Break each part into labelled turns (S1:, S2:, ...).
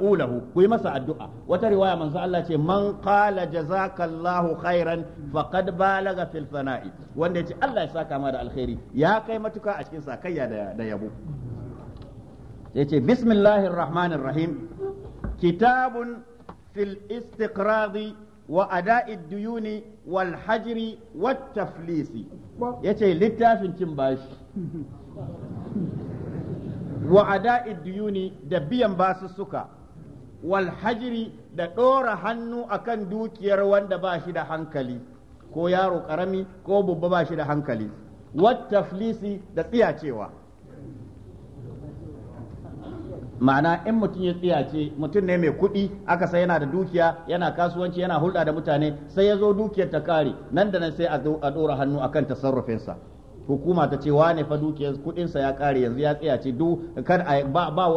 S1: ulahu ku yi masa addu'a wata riwaya manzo Allah ce man qala jazakallahu khairan faqad balaga fil yace Allah ya saka ma da alkhairi ya kai matuka a cikin sakayya da yabo yace bismillahir rahmanir rahim kitabun fil istiqradi wa ada'i duyuni wal hajri yace littafin cin bashi wa ada'i duyuni da biyan basussuka Walhajiri da ɗora hannu akan dukiyar wanda ba shi da hankali ko yaro karami ko babba ba shi da hankali wata taflisi da tsiyacewa ma'ana in mutum ya tsiyace mutum ne mai kuɗi aka sai yana da dukiya yana kasuwanci yana hulɗa da mutane sai ya zo dukiyar ta kare nan da nan sai a ɗora hannu akan tasarrufinsa hukuma ta ce wane fa dukiyar kudin ya kare yanzu ya tsaya ce duk kar babu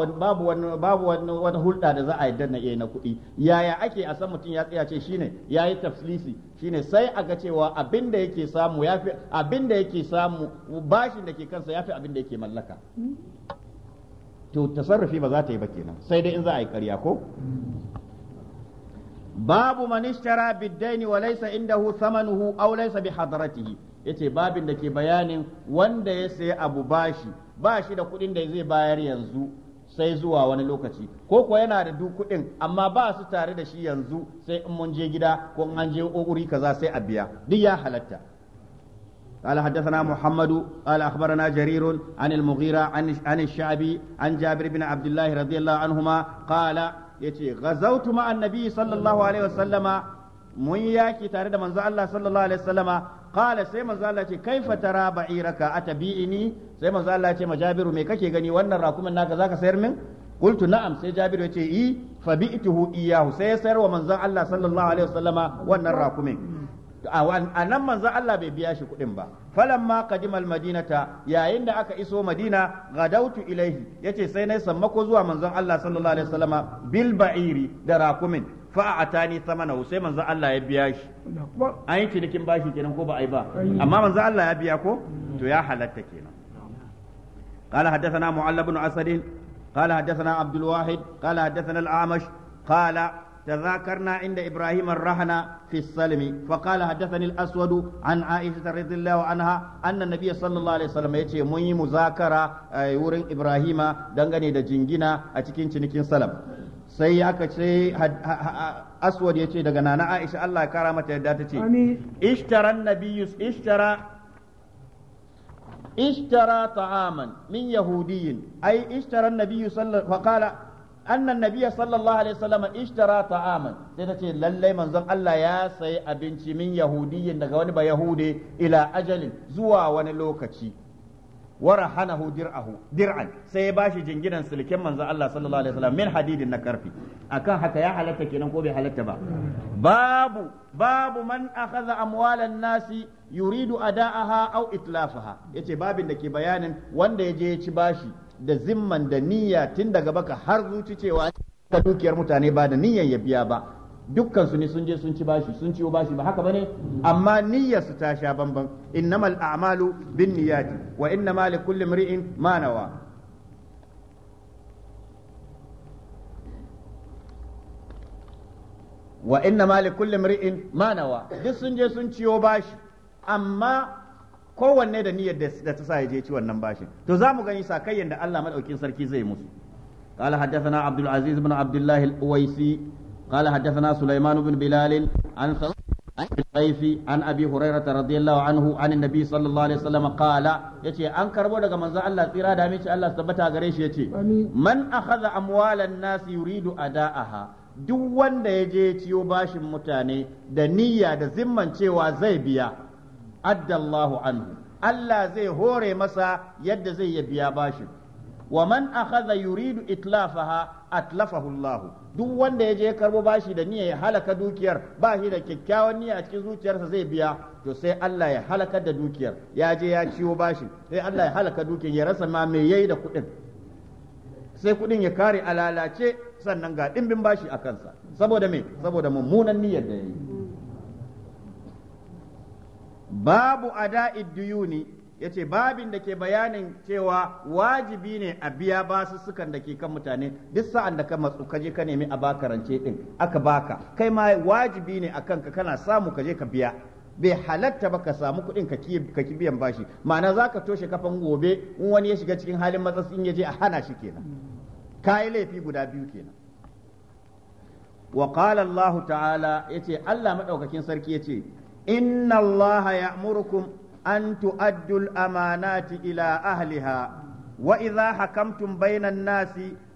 S1: wani babu wani wani hulɗa da za a yadda na na kuɗi yaya ake a san mutum ya tsaya ce shine yayi tafsilisi shine sai aga cewa abin da yake samu yafi abin yake samu bashin da ke kansa yafi abin da yake mallaka hmm. to tasarrufi ba za ta yi ba kenan sai dai in za a yi ƙarya ko hmm. babu man ishtara bid-dayn wa indahu thamanuhu aw bi hadratihi yace babin da ke bayanin wanda ya sayi abu bashi ba shi da kuɗin da zai bayar yanzu sai zuwa wani lokaci ko kuwa yana da duk kuɗin amma ba su tare da shi yanzu sai in mun je gida ko in an je wuri kaza sai a biya duk ya halatta قال حدثنا محمد قال أخبرنا جرير عن المغيرة عن, عن الشعبي عن جابر بن عبد الله رضي الله عنهما قال yace ghazawtu ma annabi sallallahu alaihi wasallama mun yaki tare da manzo Allah sallallahu alaihi wasallama qala sai manzo Allah ce kaifa tara ba'iraka atabi'ini sai manzo Allah ce majabiru me kake gani wannan rakumin naka zaka sayar min qultu na'am sai jabiru yace i fa bi'tuhu iyahu sai ya sayar wa manzo Allah sallallahu alaihi wasallama wannan rakumin a nan manzo Allah bai biya shi kuɗin ba falamma qadimal madinata yayin da aka iso madina gadautu ilaihi yace sai na sammako zuwa manzon Allah sallallahu alaihi wasallama bil ba'iri da rakumin fa atani samana sai manzon Allah ya biya shi an yi cinikin bashi kenan ko ba ai ba amma manzon Allah ya biya ko to ya halatta kenan قال حدثنا معل بن أسد قال حدثنا عبد الواحد قال حدثنا الأعمش قال تذاكرنا عند إبراهيم الرهن في السلم فقال حدثني الأسود عن عائشة رضي الله عنها أن النبي صلى الله عليه وسلم يتي مني مذاكرة يورن إبراهيم دنغني دا جنجنا أتكين تنكين سلم sai aka ce aswad ya ce daga nana aisha Allah ya kara mata yadda ta ce ishtara nabiyyu ishtara اشترى طعاما من يهودي أي اشترى النبي صلى فقال annan nabiyya sallallahu alaihi wasallam ishtara ta'aman sai tace lallai manzon Allah ya sayi abinci min Yahudiyan daga wani ba yahude ila ajalin zuwa wani lokaci warahanahu dir'ahu dir'an sai bashi jinginan silikin manzon Allah sallallahu alaihi wasallam min hadidin na karfi akan haka ya halatta kenan ko bai halatta ba babu babu a akhadha amwalan nasi yuridu ada'aha aw itlafaha yace babin da ke bayanin wanda ya je ya ci bashi da zimman da niyya tun daga baka har zuci cewa ta dukiyar mutane ba da niyyan ya biya ba dukkan su ne sun je sun ci bashi sun ciwo bashi ba haka bane amma niyyar su ta sha bamban innamal a'malu niyyati wa innama kulli mri'in ma nawa wa innama kulli mri'in ma nawa duk sun je sun ciwo bashi amma kowanne da niyyar da ta sa ya je ci wannan bashin to za mu gani kai da Allah madaukin sarki zai musu قال حدثنا Bin العزيز بن عبد الله الأويسي قال حدثنا an بن بلال عن عن عن ابي هريره رضي الله عنه عن النبي صلى الله عليه وسلم قال يتي ان كربو daga manzo Allah tsira da mice Allah tabbata gare shi ce. man akhadha amwal an-nas yuridu ada'aha duk wanda ya yaje ciyo bashin mutane da niyya da zimman cewa zai biya addallahu anhu Allah zai hore masa yadda zai ya biya bashin wa man akhadha yuridu itlafaha atlafahu Allah duk wanda ya je karbo bashi da niyya ya halaka dukiyar ba shi da kyakkyawan niyya a cikin zuciyarsa zai biya to sai Allah ya halaka da dukiyar ya je ya ciwo bashin sai Allah ya halaka dukiyar ya rasa ma me yayi da kuɗin sai kuɗin ya kare a lalace sannan ga ɗimbin bashi a kansa saboda me saboda mummunan niyyar da yayi babu ada'id duyuni yace babin da ke bayanin cewa wajibi ne a biya basussukan da ke kan mutane duk sa'an da ka matsu ka je ka nemi a baka rance din aka baka kai ma wajibi ne a kanka kana samu ka je ka biya bai halatta ba ka samu kuɗin ka ki biyan bashi ma'ana za ka toshe kafan gobe in wani ya shiga cikin halin in ya je a hana shi kenan kayi laifi guda biyu kenan wa qala Allah ta'ala yace Allah madaukakin sarki yace إن الله يأمركم أن تؤدوا الأمانات إلى أهلها وإذا حكمتم بين الناس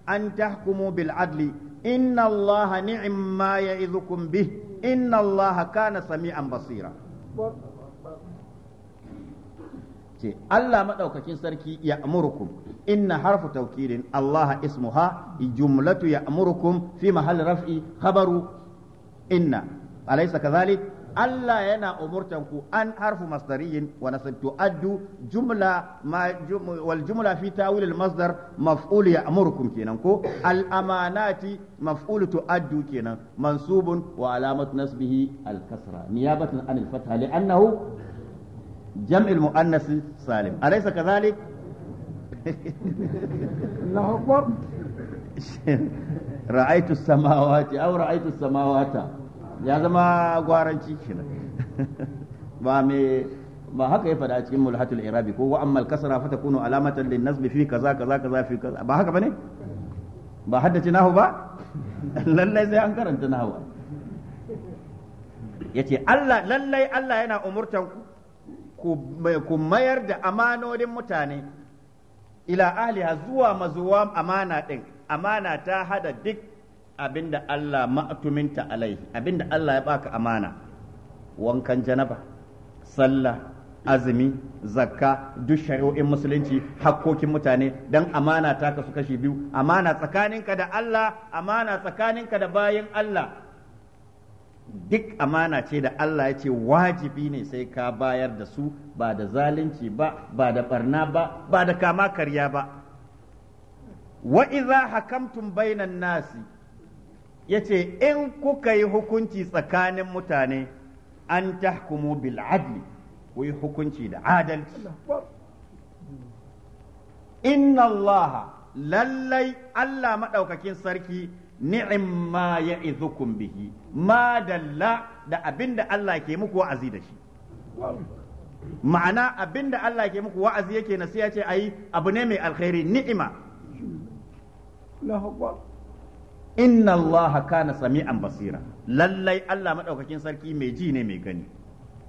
S1: أن تحكموا بالعدل إن الله نعم ما يعظكم به إن الله كان سميعا بصيرا الله مدوكاكين سركي يأمركم إن حرف توكيل الله اسمها جملة يأمركم في محل رفع خبر إن أليس كذلك Allah yana umurtan ku an harfu masdariyin wa nasab tu'addu jumla ma wal jumla fi tawil al masdar maf'ul ya'murukum kenan ko al amanati maf'ul tu'addu kenan mansubun wa alamat nasbihi al kasra niyabatan an al fatha li'annahu جمع المؤنث سالم أليس كذلك؟ الله أكبر رأيت السماوات أو رأيت السماوات ya zama gwaranci kenan ba me ba haka ya faɗa cikin mulhatul irabi ko wa ammal kasra fa takunu alamatan lin nasbi fi kaza kaza kaza fi kaza ba haka bane ba haddace nahu ba lallai sai an karanta nahu yace Allah lallai Allah yana umurtan ku ku mayar da amanonin mutane ila ahliha zuwa mazuwa amana din amana ta hada duk abinda Allah ma'atuminta alai abinda Allah ya baka amana wankan janaba sallah azumi zakka duk shari'o'in musulunci hakkokin mutane dan amana ta kasu kashi biyu amana tsakaninka da Allah amana tsakaninka da bayin Allah duk amana ce da Allah ya ce wajibi ne sai ka bayar da su ba da zalunci ba ba da barna ba ba da kama karya ba wa iza hakamtum bainan nasi ya ce in kuka yi hukunci tsakanin mutane an tahkumu bil adli ku yi hukunci da adalci inna allaha lallai allah maɗaukakin sarki ni'im ma ya izukum bihi ma dalla da abin da allah ke muku wa'azi da shi ma'ana abin da allah ke muku wa'azi yake nasiya ce ayi abu ne mai alkhairi ni'ima inna allaha kana sami'an basira lallai Allah maɗaukakin sarki mai ji ne mai gani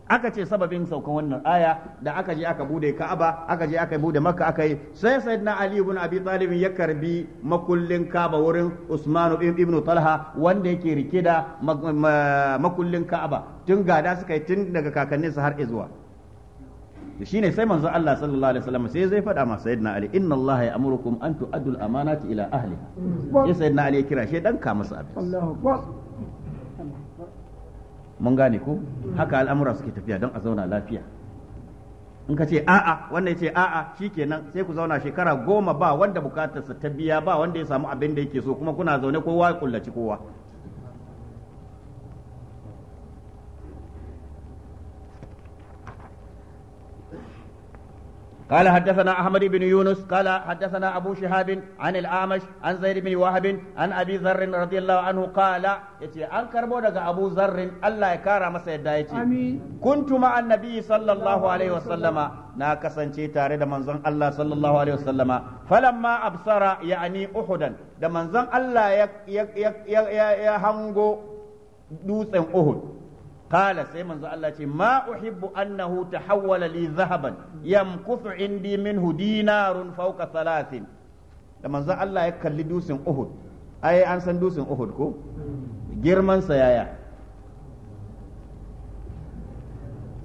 S1: aka ce sababin saukan wannan aya da aka je aka bude Ka'aba aka je aka bude Makka aka yi sai sayyidina Ali ibn Abi Talib ya karbi makullin Ka'aba wurin Usman ibn Talha wanda yake rike da makullin Ka'aba tun gada suka yi tun daga kakanninsa har izuwa shine sai manzo Allah sallallahu alaihi wasallam sai zai fada ma sayyidina Ali inna Allah ya amurukum an tu'addul amanati ila ahli sai sayyidina Ali ya kira shi dan ka masa abin mun gane ko haka al'amura suke tafiya don a zauna lafiya in ka ce a'a wannan ce a'a shikenan sai ku zauna shekara goma ba wanda bukatarsa ta biya ba wanda ya samu abin da yake so kuma kuna zaune kowa ya kullaci kowa قال حدثنا أحمد بن يونس قال حدثنا أبو شهاب عن الأعمش عن زيد بن وهب عن أبي ذر رضي الله عنه قال يتي أن كربونا أبو ذر الله يكارى مسا كنت مع النبي صلى الله عليه وسلم na kasance tare da manzon Allah sallallahu alaihi wasallama falamma absara yani uhudan da manzon Allah ya hango dutsen uhud qala sai manzo Allah ce ma uhibbu annahu tahawwala li dhahaban yamkuthu indi minhu dinarun fawqa thalathin da manzo Allah ya kalli dusin Uhud ai an san dusin Uhud ko girman sa yaya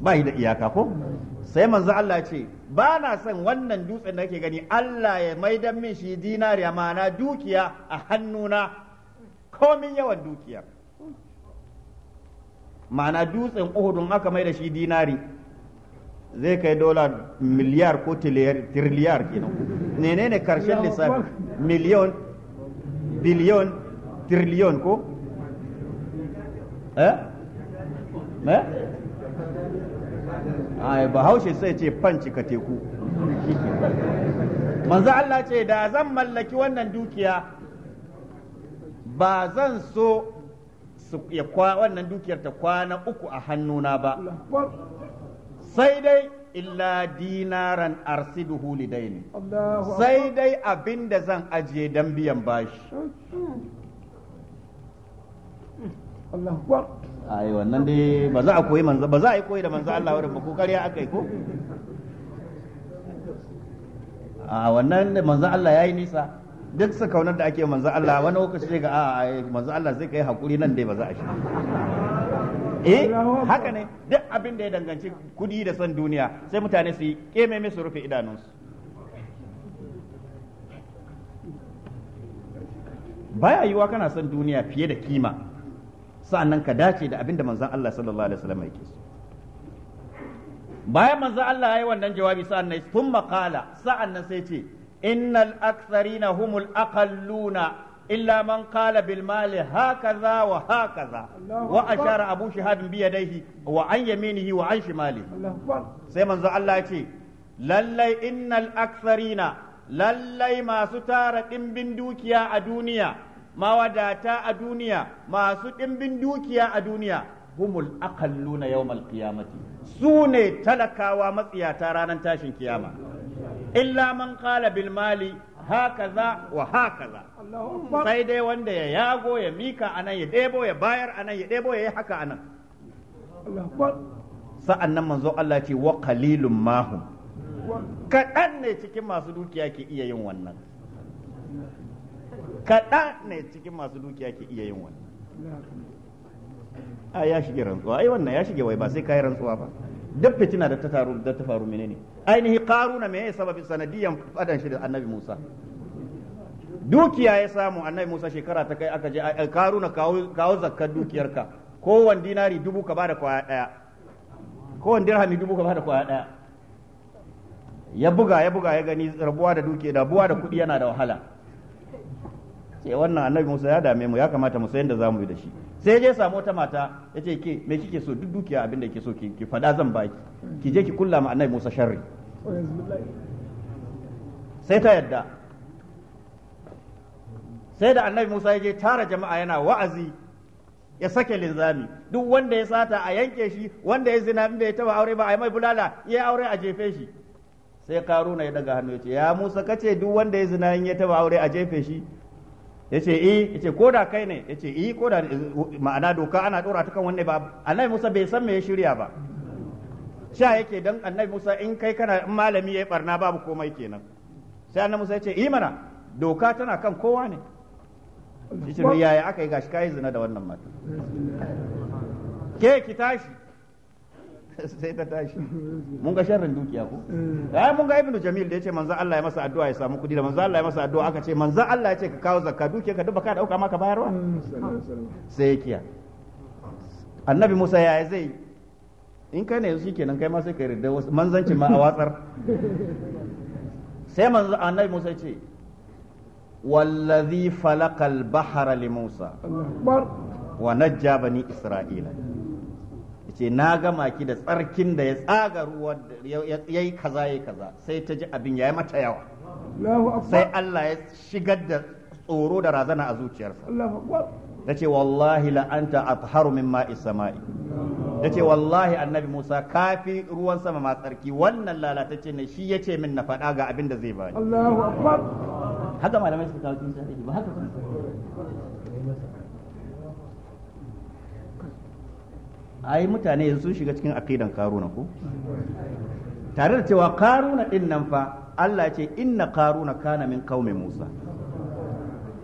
S1: bai da iyaka ko sai manzo Allah ce ba na son wannan dutsen da nake gani Allah ya maidan min shi dinariya ma'ana dukiya a hannuna komin yawan dukiya. ma'ana dutsen uhudun aka mai da shi dinari zai kai dola miliyar ko tirliyar kenan ne karshen lissafi miliyon biliyon tiriliyon ko eh eh ai bahaushe sai ce fanci ka teku manzo Allah ce da zan mallaki wannan dukiya ba zan so ya kwa wannan dukiyar ta kwana uku a hannuna ba sai dai illa dinaran arsiduhu lidaini sai dai abin da zan ajiye don biyan bashi ai wannan dai ba za a koyi manzo ba za a yi koyi da manzo Allah wurin ba ko ya aka yi ko a wannan manzo Allah yayi nisa duk su kaunar da ake manzo Allah wani lokaci sai ga a manzo Allah sai kai hakuri nan dai ba za a shi eh haka ne duk abin da ya danganci kudi da son duniya sai mutane su yi kememe su rufe idanunsu baya yiwa kana son duniya fiye da kima sa'annan ka dace da abin da manzon Allah sallallahu alaihi wasallam yake so bayan manzon Allah ya yi wannan jawabi sa'annan sun makala sa'annan sai ce innal aktharina humul aqalluna إلا من قال بالمال هكذا وهكذا وأشار أبو شهاب بيديه وعن يمينه وعن شماله سيمن زعل الله يتي للي إن الأكثرين للي ما ستارة بن دوكيا أدونيا ما وداتا أدونيا ما ست بن دوكيا أدونيا هم الأقلون يوم القيامة سوني تلكا ومسيا تارانا تاشن قيامة illa man qala bil mali hakaza wa hakaza sai dai wanda ya yago ya mika anan ya debo ya bayar anan ya debo ya yi haka anan sa'an nan manzo Allah ce wa qalilum mahum kaɗan ne cikin masu dukiya ke iya yin wannan kaɗan ne cikin masu dukiya ke iya yin wannan a ya shige rantsuwa ai wannan ya shige wai ba sai ka yi rantsuwa ba duk fitina da ta taru da ta faru menene ainihi qaruna me ya sababin sanadiyan fadan shi da annabi Musa dukiya ya samu annabi Musa shekara ta kai aka je karuna kawo kawo zakkar dukiyarka kowane dinari dubu ka bada kwaya daya kowane dirhami dubu ka bada kwaya daya ya buga ya buga ya gani rabuwa da dukiya, da buwa da kuɗi yana da wahala sai wannan annabi Musa ya dame mu ya kamata mu san yadda zamu yi da shi sai je samu wata mata ya ce ke me kike so duk dukiya abin da ke so ki fada zan baki ki je ki kulla ma annabi Musa sharri sai ta yadda sai da annabi Musa ya je tara jama'a yana wa'azi ya sake linzami duk wanda ya sata a yanke shi wanda ya zina inda ya taba aure ba a yi mai bulala ya aure a jefe shi sai karuna ya daga hannu ya ce ya Musa kace duk wanda ya zina in ya taba aure a jefe shi Ya ce i eh, ya ce koda kai ne ce eh koda ma'ana doka ana dora ta kan wanne ba annabi Musa bai san me ya shirya ba sha yake dan annabi Musa in kai kana in malami yayi barna babu komai kenan sai annabi Musa ya ce i eh mana doka tana kan kowa ne yace yaya aka yi gashi kai zina da wannan mata ke ki tashi sai ta tashi mun ga sharrin dukiya ko eh, eh mun ga ibnu jamil da yace manzo Allah ya masa addu'a ya samu kudi da manzo Allah ya masa addu'a aka ce manzo Allah ya ce ka kawo zakka dukiya ka duba ka dauka maka bayarwa mm, sai kiya annabi Musa ya zai in kai ne yanzu kenan kai ma sai ka yarda manzanci ma a watsar sai manzo annabi Musa ya ce wallazi falaqal bahra li Musa wa najja bani Isra'ila ce na gama ki da tsarkin da ya tsaga ruwan ya yi kaza ya kaza sai ta ji abin ya yi mata yawa sai Allah ya shigar da tsoro da razana a zuciyarsa ta ce wallahi la'anta a atharu min ma'i sama'i ta ce wallahi annabi musa kafi ruwan sama ma tsarki wannan lalatacce ne shi ya ce min na faɗa ga abin da zai bani haka malamai suka kawo ba haka ai mutane yanzu sun shiga cikin aqidan karuna ko tare da cewa karuna din nan fa Allah ce inna karuna kana min qaumi Musa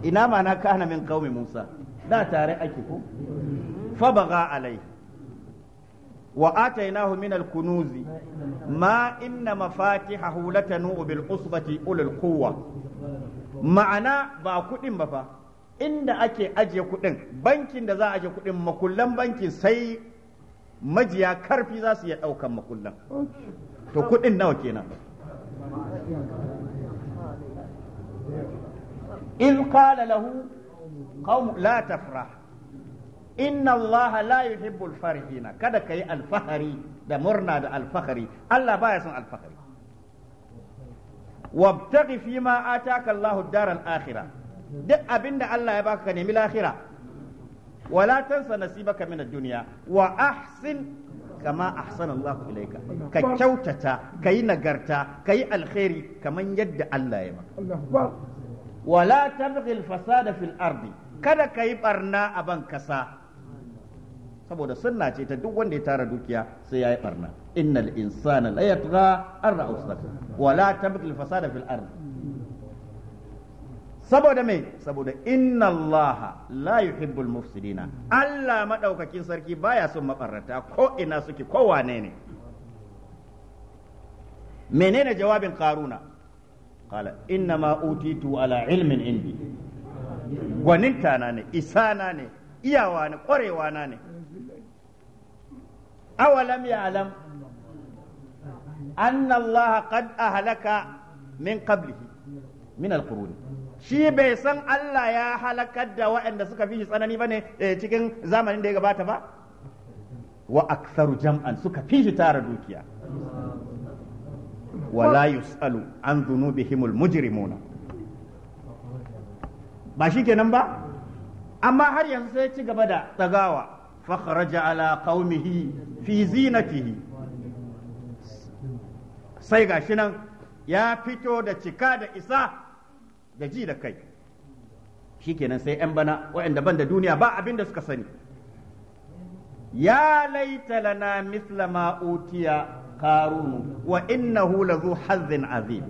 S1: ina ma na kana min qaumi Musa da tare ake ko fa baga alai wa atainahu min al-kunuzi ma inna mafatihahu latanu bil usbati ulul quwwa ma'ana ba kudin ba fa inda ake ajiye kudin bankin da za a ajiye kudin makullan bankin sai majiya karfi za su iya ɗaukan makullan to kuɗin nawa kenan in qala lahu qaum la tafrah inna allaha la yuhibbul farihina kada kai alfahari da murna da alfahari Allah baya son alfahari wabtaghi fi ma ataka Allahu al akhirah duk abinda Allah ya baka ka nemi lahira wala tansa nasibaka min duniya, dunya wa ahsin kama ahsana Allah ilaika ka kyautata kai nagarta kai alkhairi kaman yadda Allah ya ba. wala tabghi al-fasada fil ardi kada kai ɓarna a ban kasa saboda sunna ce ta duk wanda ya tara dukiya sai yayi barna innal insana la yatgha an ra'aw wala tabghi al-fasada fil ardi saboda me saboda inna Allah la yuhibbul mufsidina Allah madaukakin sarki baya son mabarrata ko ina suke ko wane ne menene jawabin karuna qala inna ma utitu ala ilmin indi gwaninta na ne isana ne iyawa ne kwarewa na ne awalam ya'lam anna Allah qad ahlaka min qablihi min al-quruni shi bai san Allah ya halakar da waɗanda suka fi shi tsanani ba ne eh, cikin zamanin da ya gabata ba wa aksaru jam'an suka fi shi tara dukiya wala yus'alu an dhunubihimul mujrimuna ba shi kenan ba amma har yanzu sai ci gaba da tsagawa Fakar raja ala qaumihi fi zinatihi sai gashi nan ya fito da cika da isa da ji da kai shi kenan sai 'yan bana waɗanda ban da duniya ba abin da suka sani ya laita lana misla ma utiya karunu wa innahu lazu hazin azim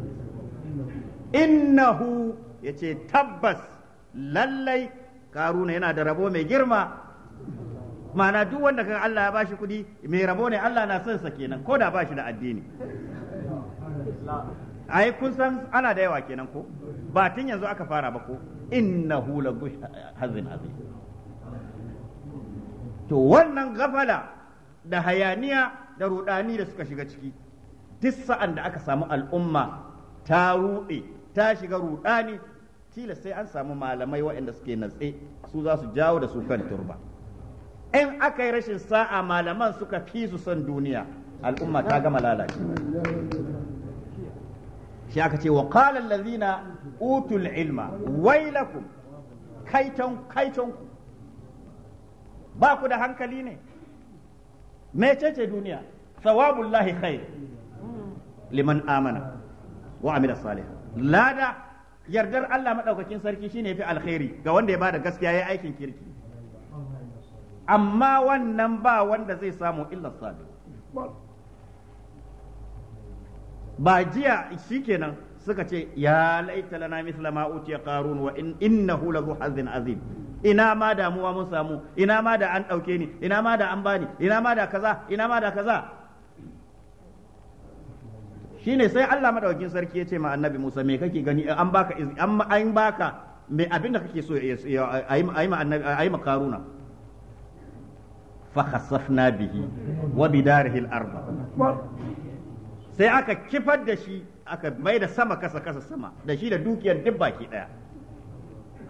S1: innahu yace tabbas lallai karuna yana da rabo mai girma ma'ana duk wanda kan Allah ya bashi kuɗi mai rabo ne Allah na son sa kenan ko da ba shi da addini ai kun san ana da yawa kenan ko ba tun yanzu aka fara ba ko innahu la hazin azim to wannan gafala da hayaniya da rudani da suka shiga ciki duk da aka samu al'umma ta ruɗe ta shiga rudani tilas sai an samu malamai waɗanda suke natse su za su jawo da su kan turba in aka rashin sa'a malaman suka fi su san duniya al'umma ta gama lalacewa shi aka ce wa qala allazina utul ilma wailakum kaiton kaiton ba ku da hankali ne mecece duniya thawabullahi khair liman amana wa amila lada yardar Allah maɗaukakin sarki shine fi alkhairi ga wanda ya bada gaskiya ya aikin kirki amma wannan ba wanda zai samu illa sabi ba jiya shikenan suka ce ya laita lana misla ma utiya qarun wa in innahu la hazin azim ina ma damuwa mun samu ina ma da an dauke ni ina ma da an bani ina ma da kaza ina ma da kaza shine sai Allah madaukin sarki ya ce ma annabi Musa me kake gani an baka an baka me abinda kake so ayi ma annabi ayi ma karuna fa khasafna bihi wa bidarihi al-ardh sai aka kifar da shi aka mai da sama kasa kasa sama da shi da dukiyar duk baki daya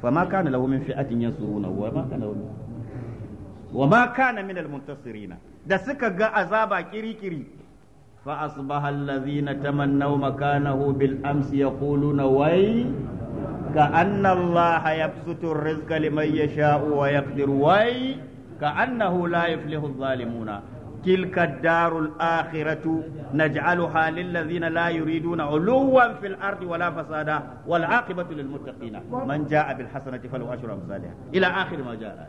S1: fa ma kana lahu min fi'atin yansuruna wa ma kana lahu wa ma kana min al-muntasirina da suka ga azaba kirikiri fa asbaha allazina tamannaw makanahu bil amsi yaquluna wai كأن الله يبسط الرزق لمن يشاء ويقدر وي كأنه لا يفلح الظالمون tilka darul akhiratu naj'aluha lil ladzina la yuriduna uluwan fil ardi wala fasada wal aqibatu lil muttaqina man jaa bil hasanati falahu ashru amsalha ila akhir ma jaa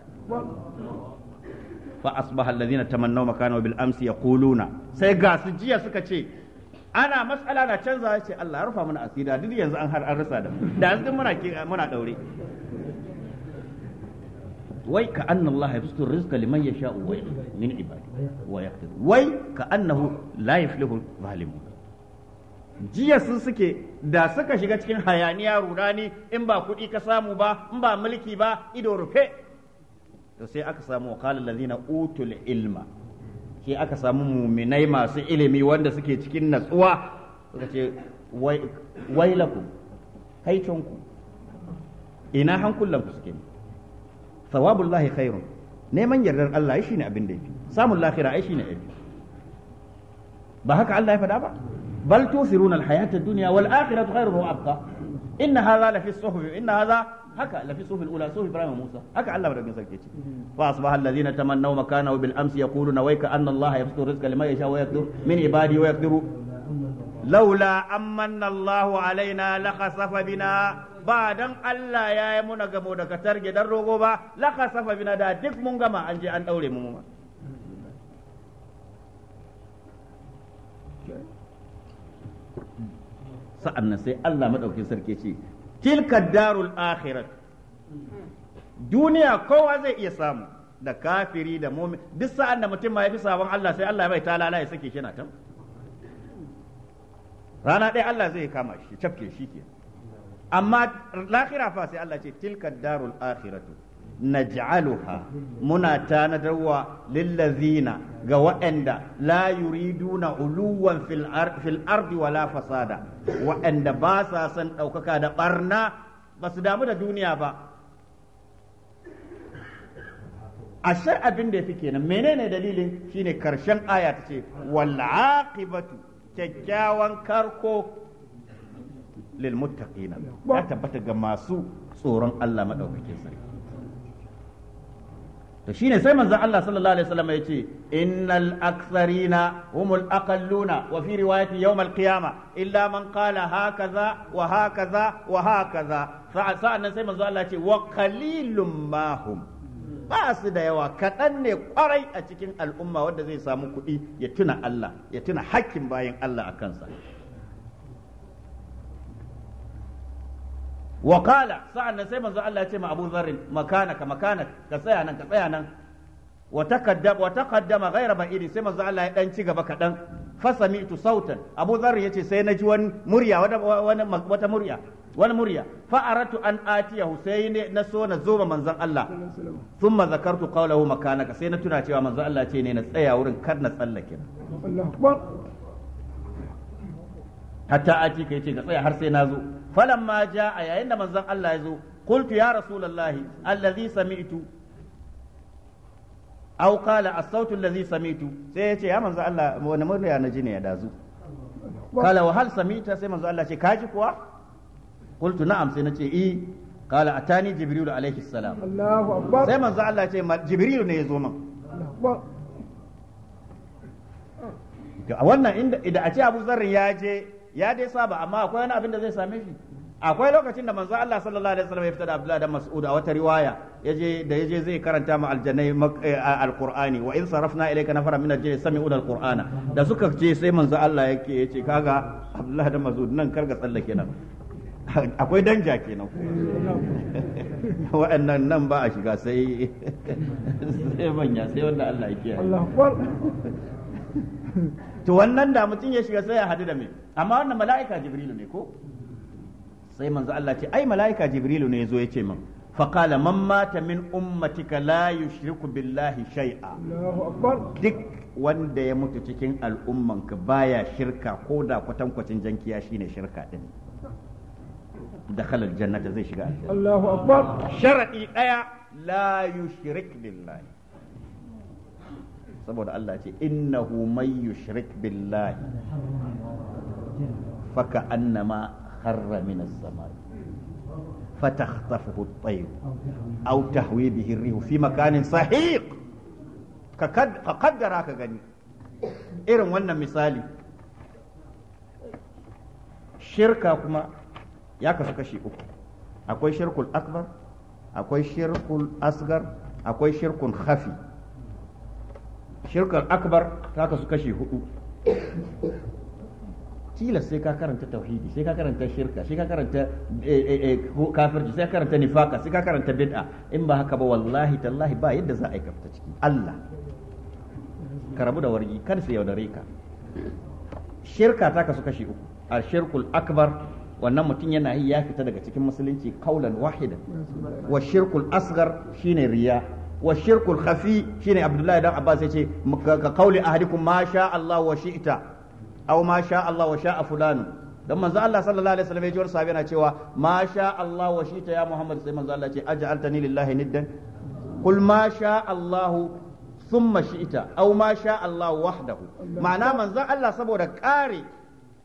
S1: fa asbaha alladhina tamannaw makanahu bil amsi yaquluna sai gasu jiya suka ce ana matsala na canza ya ce Allah ya mana asira duk yanzu an da muna daure wai ka anna Allah yabsutu rizqa liman yasha'u wa min ibadi wa yaqdir wai ka annahu la yuflihu zalimun jiya sun suke da suka shiga cikin hayaniya rudani in ba kuɗi ka samu ba in ba mulki ba ido rufe to sai aka samu qala allazina utul ilma sai aka samu muminai masu ilimi wanda suke cikin natsuwa suka ce wailakum haitonku ina hankulanku suke ne thawabullahi khairun neman yardar Allah shi ne abin da yafi samun lahira ai shi ne yafi ba haka Allah ya faɗa ba bal tusiruna alhayata ad-dunya wal akhiratu khairun wa abqa inna hadha la fi suhuf inna hadha haka la fi suhuf al-ula suhuf ibrahim musa haka Allah da madaukin sarki ce fa asbaha alladhina tamannaw makanahu bil amsi yaquluna wayka anna Allah yabsutu rizqa liman yasha wa yaqdir min ibadi wa yaqdiru لولا أمن الله علينا لخسف بنا ba dan Allah ya yi muna gamo da katar gidan rogo ba la kasafa bina da duk mun gama an je an daure mu sa'an nan sai Allah madaukin sarki ce tilka darul akhirat duniya kowa zai iya samu da kafiri da mumin duk sa'an da mutum ma ya fi sabon Allah sai Allah mai ta ya sake shi na tan rana ɗaya Allah zai kama shi cafke shi ke amma lahira fa sai Allah ce tilka darul akhiratu naj'aluha muna tanadarwa lillazina ga waɗanda la yuriduna uluwan fil fil ardi wala fasada waɗanda ba sa san ɗaukaka da barna ba su damu da duniya ba ashar abin da yafi kenan menene dalilin shine karshen aya ta ce wal aqibatu kyakkyawan karko lil muttaqina ya tabbata ga masu tsoron Allah madaukakin sarki to shine sai manzon Allah sallallahu alaihi wasallam yace innal aktharina humul aqalluna wa fi riwayati yawm al qiyama illa man qala hakaza wa hakaza wa hakaza sa'an sai manzon Allah yace wa qalilum ba su da yawa kaɗan ne kwarai a cikin al'umma wanda zai samu kuɗi ya tuna Allah tuna hakkin bayan Allah a kansa wa sa'an sa'annan sai manzo Allah ya ce ma Abu Dharr makanaka makanaka ka tsaya nan ka tsaya nan wa taqaddama wa taqaddama ghayra ba'idin sai manzo Allah ya dan ci gaba kaɗan. kadan fasami'tu sautan Abu ya ce sai na ji wani murya wani wata murya wani murya fa an atiyahu sai ne na so na zo ma manzon Allah thumma zakartu qawlahu makanaka sai na tuna cewa manzon Allah ce ne na tsaya wurin kar na tsallake Allahu akbar hatta ati kai ce ka tsaya har sai na zo falamma a yayin da manzon Allah ya zo qultu ya rasulullahi allazi sami'tu aw qala as-sautu allazi sami'tu sai ya ce ya manzo Allah wani murya na ji ne ya dazu kala wa hal samita sai manzo Allah ya ce kaji kuwa qultu na'am sai nace eh kala atani jibril alaihi salam Allahu akbar sai manzo Allah ce jibril ne ya zo min a wannan inda idan a ce Abu Zarrin ya je ya dai saba amma akwai wani abin da zai same shi akwai lokacin da manzo Allah sallallahu alaihi wasallam ya fita da Abdullah da Mas'ud a wata riwaya yaje da yaje zai karanta ma aljannai eh, alqur'ani wa in sarafna ilayka nafara min aljinn sami'u alqur'ana da suka ce sai manzo Allah yake yace kaga Abdullah da Mas'ud nan karga tsallake nan akwai danja kenan wa'annan nan ba a shiga sai sai manya sai wanda Allah ya kiyaye to wannan da mutum ya shiga sai ya hadu da mai amma wannan mala'ika jibrilu ne ko sai manzo Allah ce ai mala'ika jibrilu ne yazo yace min qala man mata min ummatika la yushriku billahi shay'a Allahu akbar wanda ya mutu cikin al'ummanka baya shirka ko da kwatankwacin jankiya shine shirka din dakhala khalar jannata zai shiga Allahu akbar sharadi daya la yushrik billahi saboda Allah ce innahu may yushrik billahi faka annama harra min as-samai wannan misali shirka kuma ya kasu kashi uku akwai shirkul akbar akwai shirkul asgar akwai shirkun khafi shirkar akbar ta kasu kashi hudu tilas sai ka karanta tauhidi sai ka karanta shirka sai ka karanta eh, eh, eh, kafirci sai ka karanta nifaka sai ka karanta bid'a in ba haka ba wallahi tallahi ba yadda za a aikata ciki Allah ka rabu da wargi kar sai yaudare ka shirka ta kasu kashi uku a shirkul akbar wannan mutum yana yi ya fita daga cikin musulunci kaulan wahida wa shirkul asgar shine riya wa shirkul khafi shine abdullahi dan abbas yace ka kauli ahadikum ma sha Allah wa shi'ta aw ma sha Allah dan manzo Allah sallallahu alaihi wasallam ya jiwar sahabi yana cewa ma sha Allah wa shi'ta ya Muhammad sai manzo Allah ya ce aj'altani lillahi niddan qul ma sha Allah thumma shi'ta aw ma sha Allah wahdahu ma'ana manzo Allah saboda kare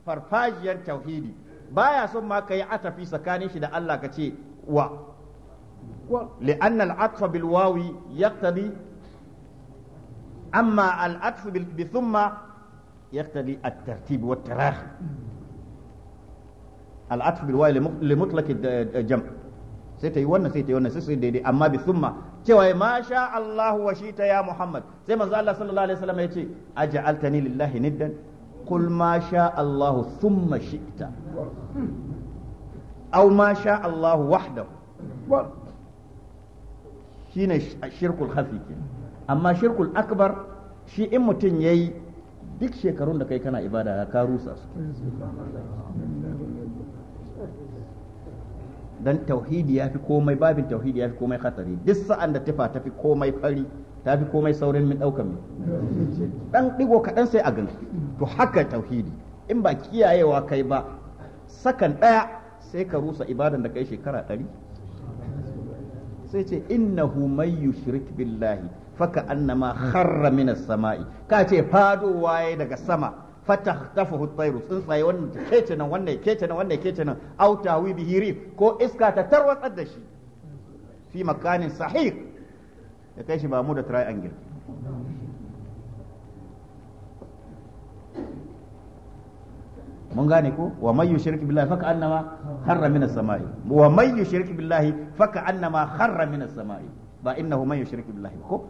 S1: farfajiyar tauhidi baya son ma kai atafi tsakanin shi da Allah ka ce wa لأن العطف بالواو يقتضي أما العطف بثم يقتضي الترتيب والتراخي العطف بالواو لمطلق الجمع سيتي ونا سيتي ونا سيتي دي أما بثم تيوي ما شاء الله وشيت يا محمد زي ما الله صلى الله عليه وسلم يتي أجعلتني لله ندا قل ما شاء الله ثم شئت أو ما شاء الله وحده shine shirkul hafi ke amma shirkul akbar shi in mutum ya yi duk shekarun da kai kana ibada ka rusa su dan tauhidi ya fi komai babin tauhidi ya fi komai hatsari duk sa'an da tufa ta fi komai fari ta fi komai saurin min ɗaukar mai dan ɗigo kaɗan sai a gansu to haka tauhidi in ba kiyayewa kai ba sakan ɗaya sai ka rusa ibadan da kai shekara ɗari sai ce innahu humayyu yushrik billahi faka annama kharra minas sama'i ka ce fadowa yayi daga sama fatahtafahu at-tayru tsuntsaye wannan kece nan wannan kece nan wannan kece nan aw tawi bihi rif ko iska ta tarwatsar da shi fi makanin sahih ya kai shi ba mu da triangle mun gane ko wa may yushrik billahi faka annama harra minas samai wa may yushrik billahi faka annama harra minas samai ba innahu may yushrik billahi ko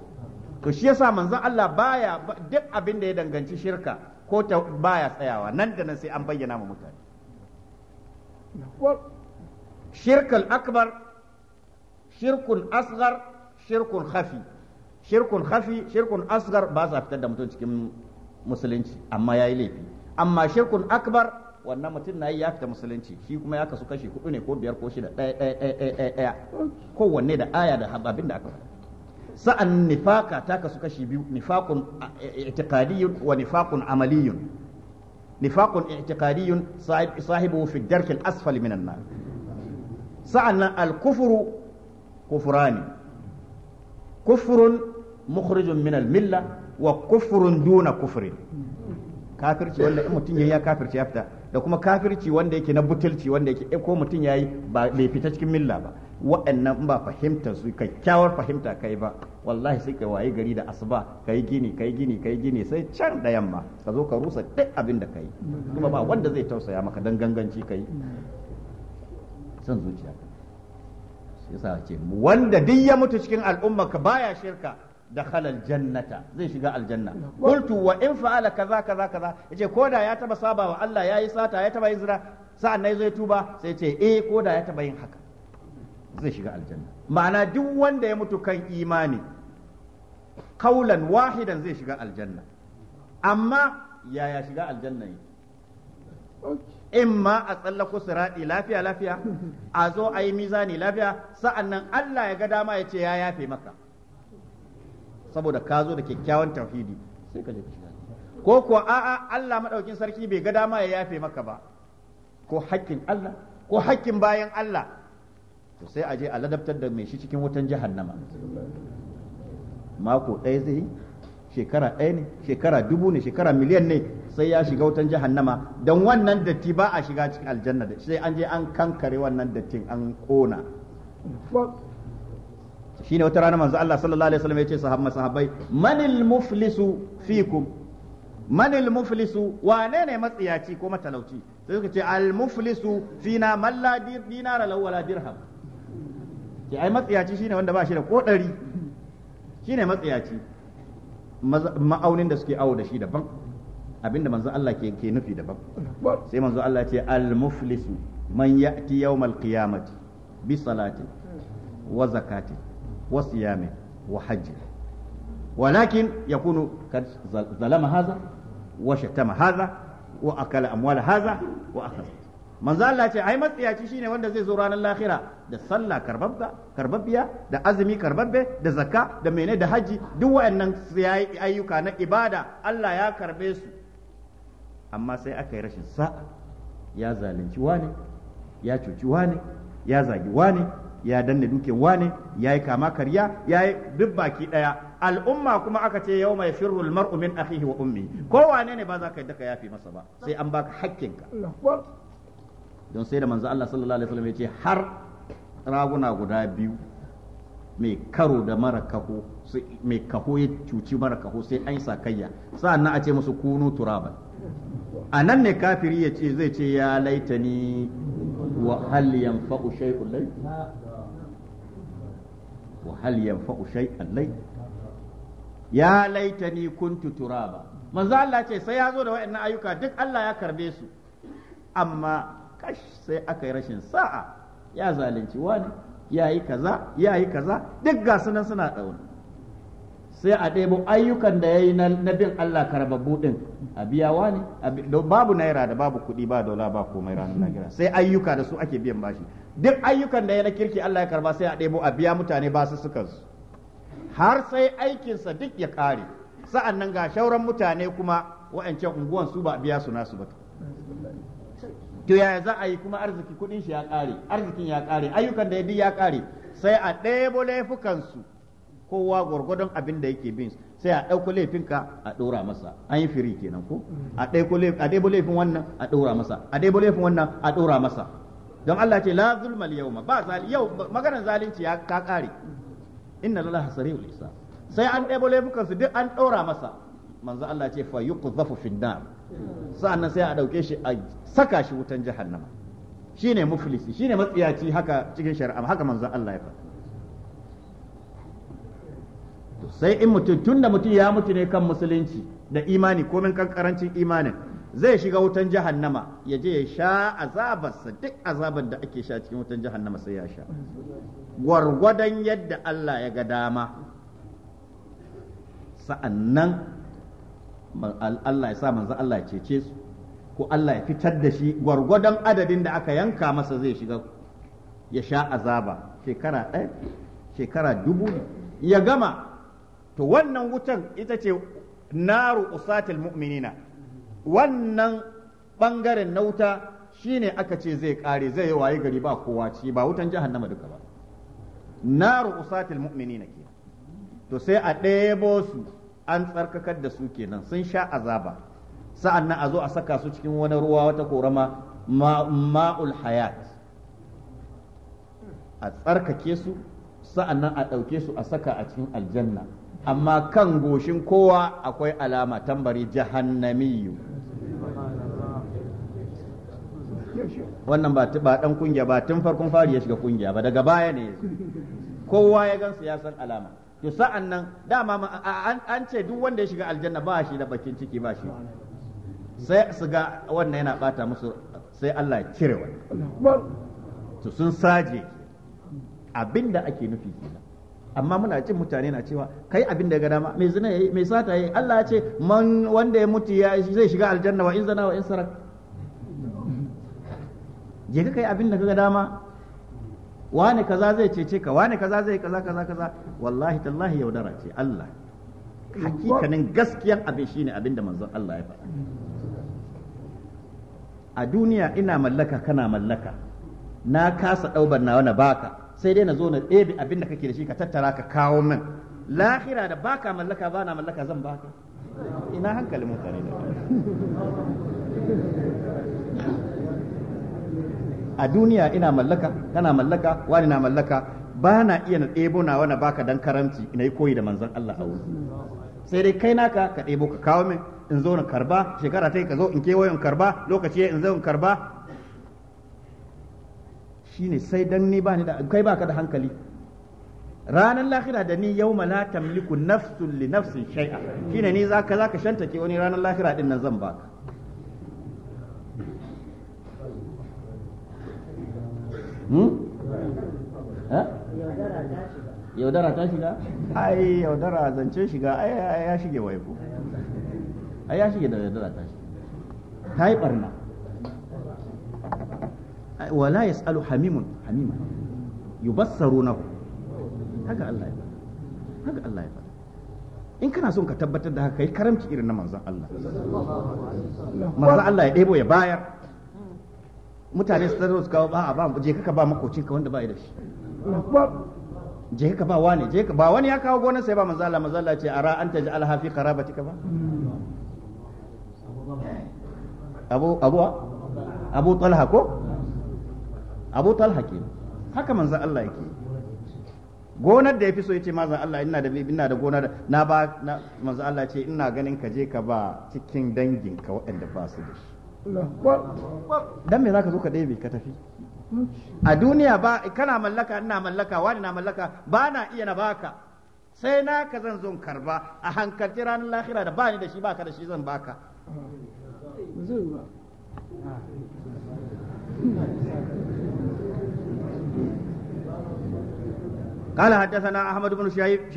S1: to shi yasa manzon Allah baya duk abin da ya danganci shirka ko ta baya tsayawa nan da nan sai an bayyana mu mutane shirkul akbar shirkun asgar shirkun khafi shirkun khafi shirkun asgar ba za fitar da mutum cikin musulunci amma yayi laifi amma shirkun akbar wannan mutum na yi ya fita musulunci shi kuma ya kasu kashi hudu ne ko biyar ko shida ɗaya ɗaya ɗaya ɗaya ɗaya kowanne da aya da abin da aka sa'an nifaka ta kasu kashi biyu nifakun e, e, i'tiqadiyyun wa nifakun amaliyyun nifakun i'tiqadiyyun sahibu fi darkil asfali minan nar sa'an nan al-kufru kufrani kufrun mukhrijun min al-milla wa kufrun duna kufrin kafirci wanda in mutum yayi ya kafirci ya fita da kuma kafirci wanda yake na butulci wanda yake eh, ko mutum yayi ba bai fita cikin milla ba waɗannan ba fahimta su kyakkyawar fahimta kai ba wallahi sai kai waye gari da asuba kai gini kai gini kai gini sai can da yamma ka zo ka rusa duk abin da kai kuma ba wanda zai tausaya maka dan ganganci kai san zuciya yasa ce wanda duk ya mutu cikin al'umma ka baya shirka dakhala jannata. zai shiga aljanna qultu wa in fa'ala kaza kaza kaza yace koda ya taba saba wa Allah yayi sata ya taba yin zina sa'an nan zai tuba sai ce eh koda ya taba yin haka zai shiga aljanna ma'ana duk wanda ya mutu kan imani kaulan wahidan zai shiga aljanna amma yaya shiga aljanna yake in ma a tsallako siraɗi lafiya lafiya a zo a yi mizani lafiya sa'an nan Allah ya ga dama ya ce ya yafe maka saboda ka zo da kyakkyawan tauhidi sai ka je ko kuwa a'a Allah madaukin sarki bai ga dama ya yafe maka ba ko hakkin Allah ko hakkin bayan Allah to sai a je a ladabtar da mai shi cikin wutan jahannama mako ɗaya zai shekara ɗaya ne shekara dubu ne shekara miliyan ne sai ya shiga wutan jahannama don wannan datti ba a shiga cikin aljanna sai an je an kankare wannan dattin an kona shine wata rana manzo Allah sallallahu alaihi wasallam yace sahabba sahabbai manil muflisu fikum manil muflisu wane ne matsiyaci ko matalauci sai suka ce al muflisu fina man la dinara lahu wala dirham ke ai matsiyaci shine wanda ba shi da ko dari shine matsiyaci ma'aunin da suke awo da shi daban abinda manzo Allah ke ke nufi daban sai manzo Allah ce al muflisu man ya'ti yawmal qiyamati bi salati wa zakati وصيامه وحجه ولكن يكون قد ظلم هذا وشتم هذا واكل اموال هذا واخذ من ذا الله تي اي متي يا شيني وندا زي زوران الاخره ده صلى كرببا كرببيا ده ازمي كربب ده زكاه ده مينه ده حج دو وانن سياي ايوكا نا عباده الله يا كربس اما سي اكاي رشن سا يا ظالمي واني يا تشوتي واني يا زاجي واني ya danne duke wane ya yi kama karya ya yi duk baki ɗaya al'umma kuma aka ce yau mai firru mar'u min akhihi wa ummi wane ne ba za ka yi ka yafi masa ba sai an baka hakkinka don sai da manzo Allah sallallahu alaihi wasallam ya ce har raguna guda biyu mai karo da mara kaho mai kaho ya cuci mara kaho sai an sakayya sa'annan a ce musu kunu turaban a nan ne kafiri ya ce zai ce ya laitani wa hal yanfa'u shay'un lai wa hal yanfa'u shay'an lay ya laitani kuntu turaba manzo Allah ce sai ya zo da waɗannan ayyuka duk Allah ya karbe su amma kash sai aka yi rashin sa'a ya zalunci wani ya yi kaza yayi kaza duk ga sunan suna ɗauna sai a ɗebo ayyukan da ya yi na bin Allah karbabu ɗin a biyawa ne babu naira da babu kuɗi ba dola ba komai ranar nagira sai ayyuka da su ake biyan bashi duk ayyukan da ya na kirki Allah ya karba sai a ɗebo a biya mutane ba su suka su har sai aikinsa duk ya ƙare sa'an nan ga shauran mutane kuma wa'ancan unguwan su ba a biya su nasu ba to yaya za a yi kuma arziki kuɗin shi ya ƙare arzikin ya ƙare ayyukan da ya ya ƙare sai a ɗebo laifukansu kowa gwargwadon abin da yake bin sai a ɗauko laifinka a ɗora masa an yi firi kenan ko a ɗaiko laifin wannan a ɗora masa a ɗaibo laifin wannan a ɗora masa don Allah ce la zulmal yau ba zali yau maganar zalunci ya ka kare inna lillahi sari'ul Isa sai an ɗaiko laifukan su duk an ɗora masa manzo Allah ce fa yuqdhafu fi nar sa'annan sai a ɗauke shi a saka shi wutan jahannama shine muflisi shine matsiyaci haka cikin shari'a haka manzo Allah ya faɗa sai in mutum tun da mutum ya mutu ne kan musulunci da imani komin karancin imanin zai shiga wutan jahannama ya je ya sha azabarsa duk azabar da ake sha cikin wutan jahannama sai ya sha gwargwadon yadda Allah ya ga dama sa'annan Allah ya sa manzo Allah ya cece su ko Allah ya fitar da shi gwargwadon adadin da aka yanka masa zai shiga ya sha azaba shekara ɗaya shekara dubu ya gama to wannan wutan ita ce naru usatil mu'minina wannan bangaren na wuta shine aka ce zai kare zai waye gari ba kowa ci ba wutan jahannama duka ba naru usatil mu'minina ke to sai a ɗebo su an tsarkakar da su kenan sun sha azaba sa'an nan a zo a saka su cikin wani ruwa wata korama ma'ul hayat a tsarkake su sa'an nan a ɗauke su a saka a cikin aljanna amma kan goshin kowa akwai alama tambari jahannamiyu wannan ba dan kungiya ba tun farkon fari ya shiga kungiya ba daga baya ne kowa ya gansu ya san alama to sa'an nan dama an ce duk wanda ya shiga aljanna ba shi da bakin ciki ba shi sai su ga wannan yana bata musu sai Allah ya cire wannan to sun saje abinda ake nufi kenan amma muna cin mutane na cewa kai abin da ga dama mai zina yayi mai sata yayi Allah ya ce man wanda ya mutu ya zai shiga aljanna wa in zana wa in sarak je ka kai abin da ga dama wani kaza zai cece ka wani kaza zai kaza kaza kaza wallahi tallahi yaudara ce Allah hakikanin gaskiyan abin shine abin da manzon Allah ya faɗa a duniya ina mallaka kana mallaka na kasa ɗaubar nawa na baka sai dai na zo na ɗebe abin da kake da shi ka tattara ka kawo min lahira da baka mallaka ba na mallaka zan baka ina hankalin mutane da a duniya ina mallaka kana mallaka wani na mallaka ba na iya na ɗebo na wani baka dan karamci na yi koyi da manzon Allah a wuri sai dai kai naka ka ɗebo ka kawo min in zo na karba shekara ta ka zo in kewayo in karba lokaci in zo in karba shine sai dan ni bani da kai baka da hankali ranar lahira da ni yau la tamliku nafsun li nafsin shay'a shine ni zaka zaka shantake wani ranar lahira din nan zan baka
S2: hmm? yaudara
S1: ta shiga ai yaudara zance shiga ai ya shige waifu ai ya shige da yaudara ta shiga
S2: ta yi barna
S1: wala yas'alu hamimun hamima yubassarunahu haka Allah ya faɗa haka Allah ya faɗa in kana son ka tabbatar da haka yi karamci irin na manzon Allah
S2: manzon Allah ya ɗebo ya
S1: bayar mutane su tsaro su kawo ba a ba je ka ba makocin ka wanda ba da shi je ka ba wani je ka ba wani ya kawo gonar sai ba manzon Allah manzon Allah ce ara anta Alhafi hafi ka ba abu abuwa abu talha ko abu talha ke haka manzo Allah yake gonar da ya fi so ya ce Allah ina da ina da gonar na ba manzo Allah ce ina ganin ka je ka ba cikin dangin ka waɗanda ba su da shi dan me zaka zo ka ɗebe ka tafi a duniya ba kana mallaka ina mallaka wani na mallaka ba na iya na baka sai na ka zan zon karba a hankalci ranar lahira da bani da shi baka da shi zan baka قال حدثنا أحمد بن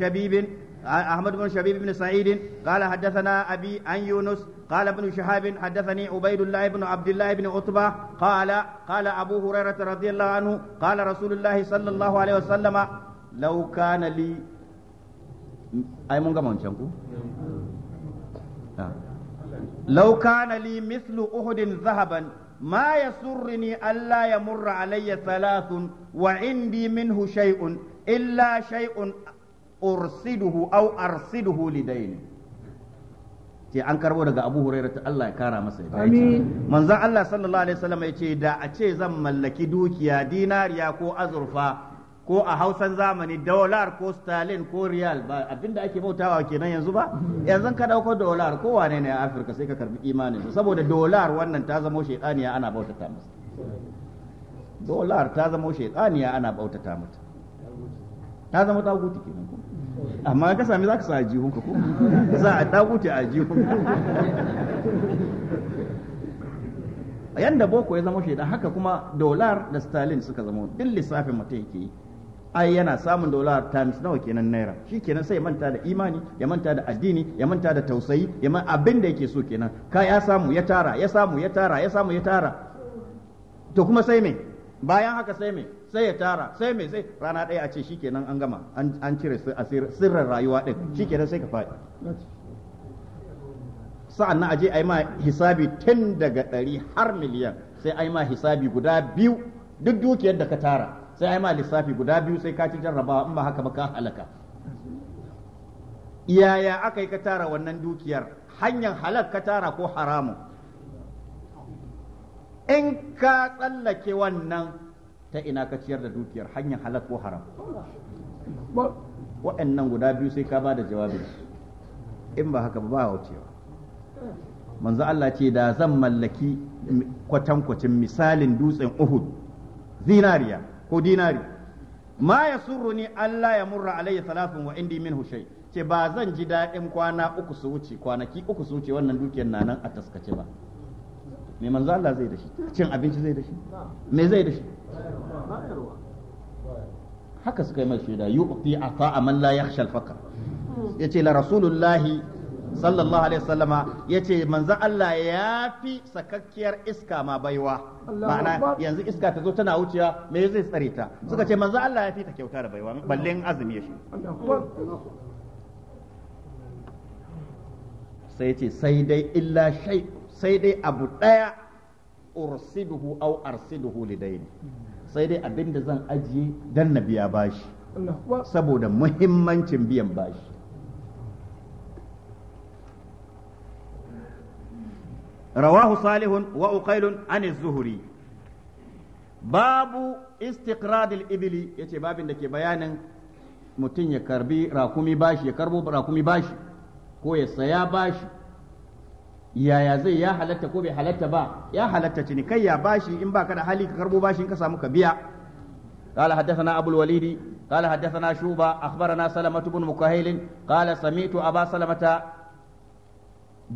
S1: شبيب أحمد بن شبيب بن سعيد قال حدثنا أبي عن يونس قال ابن شهاب حدثني عبيد الله بن عبد الله بن عتبة قال قال أبو هريرة رضي الله عنه قال رسول الله صلى الله عليه وسلم لو كان لي أي من قام لو كان لي مثل أحد ذهبا ما يسرني ألا يمر علي ثلاث وعندي منه شيء illa shay'un ursiduhu aw arsiduhu lidaini ce an karbo daga Abu ta Allah ya kara masa yadda amin manzon Allah sallallahu alaihi wasallam yace da a ce zan mallaki dukiya dinariya ko azurfa ko a hausan zamani dolar ko stalin ko riyal ba abinda ake bautawa kenan yanzu ba yanzu ka dauko dolar ko wane ne a afirka sai ka karbi imanin saboda dolar wannan ta zamo shaytaniya ana bautata masa dolar ta zama shaytaniya ana bautata mata ya zama taguti kenan ko amma ka sami za ka sa a jihunka ko za a taguti a jihunka yanda boko ya zama shaidan haka kuma dolar da stalin suka zama duk lissafin mutum yake yi ai yana samun dolar times nawa kenan naira shi kenan sai ya manta da imani ya manta da addini ya manta da tausayi ya man abin da yake so kenan ka ya samu ya tara ya samu ya tara ya samu ya tara to kuma sai me bayan haka sai me sai ya tara sai mai sai rana ɗaya a ce shikenan an gama an cire sirrin rayuwa ɗin shikenan sai ka faɗi sa'an nan aje a yi ma hisabi tun daga ɗari har miliyan sai a yi ma hisabi guda biyu duk dukiyar da ka tara sai a yi ma lissafi guda biyu sai ka ci jarrabawa in ba haka ba ka halaka yaya aka yi ka tara wannan dukiyar hanyar halak ka tara ko haramun in ka tsallake wannan ta ina ka ciyar da dukiyar hanyar halal ko haram waɗannan guda biyu sai ka ba da jawabin in ba haka ba wucewa manzo Allah ce da zan mallaki kwatankwacin misalin dutsen Uhud zinariya ko dinari ma ya ni Allah ya murra alayya salafin wa indi min hushai ce ba zan ji daɗin kwana uku su wuce kwanaki uku su wuce wannan dukiyar na nan a taskace ba me manzo Allah zai da shi cin abinci zai da shi me zai da shi haka suka yi mai shaida yu'ti ata man la yakhsha al Ya yace la rasulullahi sallallahu alaihi wasallama yace manzon Allah ya fi sakakkiyar iska ma baiwa
S2: ma'ana
S1: yanzu iska ta zo tana wuciya me zai tsare ta suka ce manzon Allah ya fi ta kyauta da baiwa ballin azumi ya shi sai ce sai dai illa sai dai abu daya ursiluhu aw arsiluhu lidaini sai dai abinda zan ajiye dan na biya bashi saboda muhimmancin biyan bashi rawahu salihun wa uqailun an zuhuri babu istiqradil ibili yace babin da ke bayanin mutum ya karbi rakumi bashi ya karbo rakumi bashi ko ya saya bashi yaya zai ya halatta ko bai halatta ba ya halatta cinikayya bashi in baka da hali ka karbo bashin ka samu ka biya قال حدثنا أبو الوليد قال حدثنا شوبة أخبرنا سلمة بن مكهيل قال سمعت أبا سلمة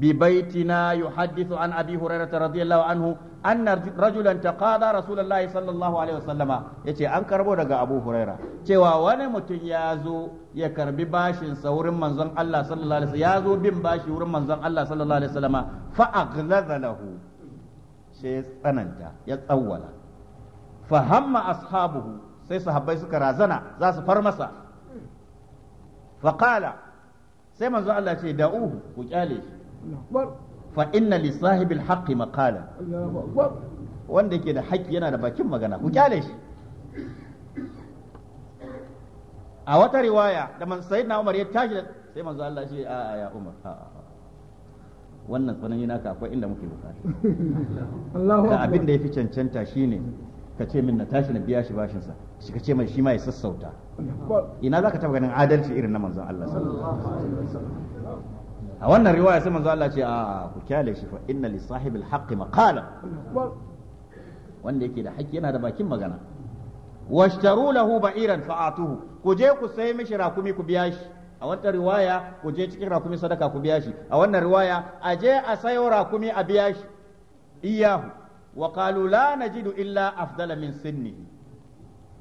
S1: ببيتنا يحدث عن أبي هريرة رضي الله عنه أن رجلا تقاضى رسول الله صلى الله عليه وسلم يتي أن كربو دقى أبو هريرة تيوا ونمت يازو يكرب باش سور منزل الله صلى الله عليه وسلم يازو بن باش ور منزل الله صلى الله عليه وسلم فأغلظ له شيء أننت يتأول فهم أصحابه sai sahabbai suka razana za su far masa faƙala sai manzo Allah ce da'uhu ku kyale shi fa inna li sahibil haqqi wanda ke da haƙƙi yana da bakin magana ku kyale shi a wata riwaya da man sayyidina Umar ya tashi sai manzo Allah shi a ya Umar wannan tsanani ka akwai inda muke bukata Allahu da abin da yafi cancanta shine ka ce min na tashi na biya shi bashin sa shi ka ce mai shi ma ya sassauta ina zaka taba ganin adalci irin na manzan Allah
S2: sallallahu alaihi wasallam
S1: a wannan riwaya sai manzo Allah ce a ah, ku kyale shi fa inna li sahibil haqqi maqala wanda yake da haƙƙi yana da bakin magana washtaru lahu ba'iran fa'atuhu ku je ku sai mishi rakumi ku biya shi a wannan riwaya ku je cikin rakumi sadaka ku biya shi a wannan riwaya a je a sayo rakumi a biya shi iyahu wa qalu la najidu illa afdala min sinnihi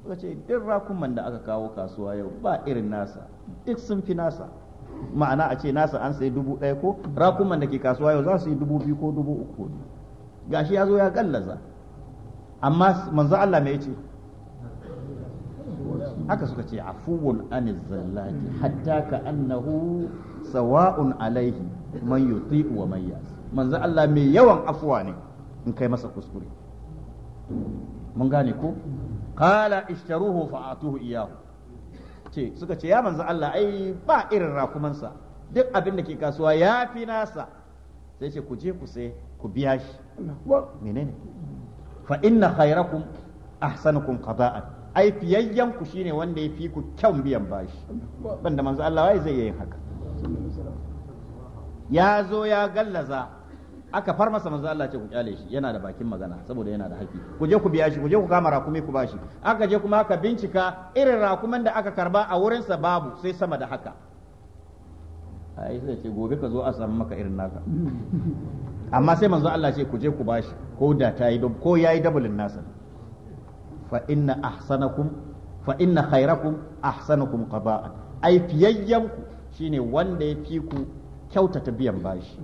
S1: kace duk rakuman da aka kawo kasuwa yau ba irin nasa duk sun fi nasa ma'ana a ce nasa an sai dubu ɗaya ko rakuman da ke kasuwa yau za su yi dubu biyu ko dubu uku ne gashi ya zo ya gallaza amma manzo Allah mai ce haka suka ce afuwun an zallati hatta ka annahu sawa'un alaihi man yuti wa man yas manzo Allah mai yawan afuwa ne in kai masa kuskure mun gane ko qala ishtaruhu fa'atuhu iyahu ce suka ce ya manzo Allah ai ba irin rakumansa duk abin da ke kasuwa ya fi nasa sai ce ku je ku sai ku biya shi menene fa inna khairakum ahsanukum qada'an ai fiyayyen ku shine wanda ya fi ku kyan biyan bashi banda manzo Allah wai zai yin haka ya zo ya gallaza aka far masa manzo Allah ce ku kyale shi yana da bakin magana saboda yana da haƙi ku je ku biya shi ku je ku kama rakumi ku bashi aka je kuma aka bincika irin rakuman da aka karba a wurin sa babu sai sama da haka ai sai ce gobe ka zo a samu maka irin naka amma sai manzo Allah ce ku je ku bashi ko da ta yi ko yayi dabulin nasa fa inna ahsanakum fa inna khairakum ahsanakum qada'an ai fiyayyanku shine wanda ya fi ku kyautata biyan bashi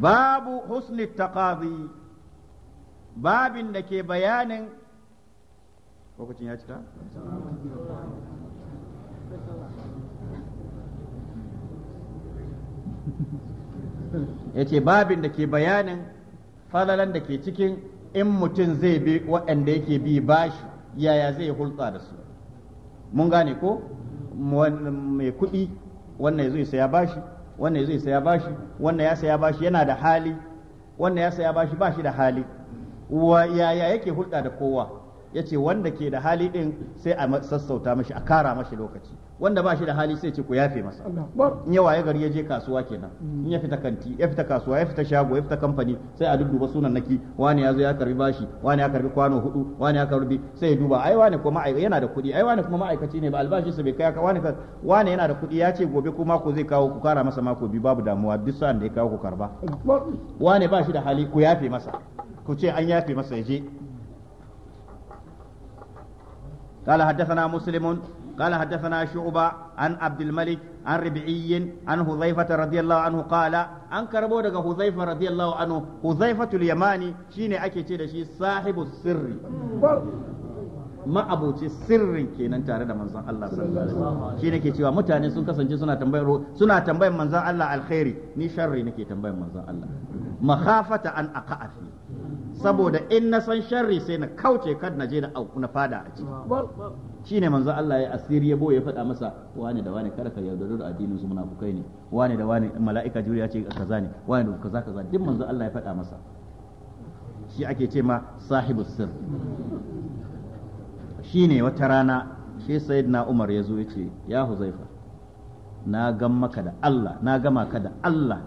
S1: babu husni taqadi babin da ke bayanin lokacin ya cika ya ce babin da ke bayanin falalan da ke cikin in mutum zai bi waɗanda yake bi bashi yaya zai hulɗa da su mun gane ko mai kuɗi wannan ya saya bashi wannan ya saya bashi wannan ya saya bashi yana da hali wannan ya saya bashi bashi da hali wa yaya yake hulɗa da kowa yace wanda ke da hali din sai a sassauta mashi a kara mashi lokaci wanda ba shi da hali sai ce ku yafe masa in yawa ya gari ya je kasuwa kenan mm. in ya fita kanti ya fita kasuwa ya fita shago ya fita kamfani sai a dudduba sunan naki wani ya zo ya karbi bashi wani ya karbi kwano hudu wani ya karbi sai ya duba ai wani kuma yana da kuɗi ai wani kuma ma'aikaci ne ba albashi sa bai kai ka wani wani yana da kuɗi ya ce gobe ko mako zai kawo ku kara masa mako bi babu damuwa duk sa'an da ya kawo ku karba wani ba shi da hali ku yafe masa ku ce an yafe masa ya je قال حدثنا مسلم قال حدثنا شعبة عن عبد الملك عن ربعي عن حذيفة رضي الله عنه قال عن كربو دغ حذيفة رضي الله عنه حذيفة اليماني شيني أكي شي صاحب السر ma'abuci sirrin kenan tare da manzon Allah sallallahu alaihi wasallam shi nake cewa mutane sun kasance suna tambayar suna tambayar manzon Allah alkhairi ni sharri nake tambayar manzon Allah makhafata an aqa'a fi saboda in na san sharri sai na kauce kad na je na auku na fada a ciki shine manzon Allah ya asiri ya ya faɗa masa wani da wani kada ka yaudaro da addinin su munafukai ne wani da wani mala'ika juriya ce kaza ne wani da kaza kaza duk manzon Allah ya faɗa masa shi ake ce ma sahibus sir Shi ne wata rana shi na Umar ya zo ya ce ya Huzaifa na gan maka da Allah na gama ka da Allah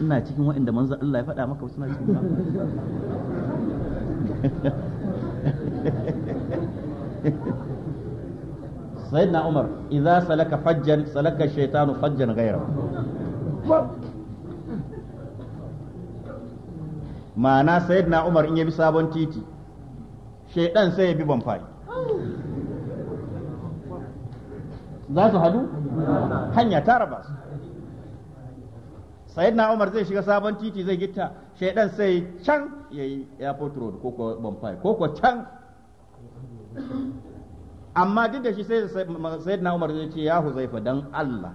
S1: ina cikin waɗanda manzo Allah ya faɗa maka suna cikin na Umar idza salaka fajjan salaka shaytanu fajjan ghayra ma'ana sayyidina Umar in ya bi sabon titi shaidan sai ya bi ban fari za su hadu hanya ta raba su na umar zai shiga sabon titi zai gitta shaidan sai can ya yi airport road ko ko banfai ko ko can amma duk da shi sai na umar zai ce ya huzaifa dan Allah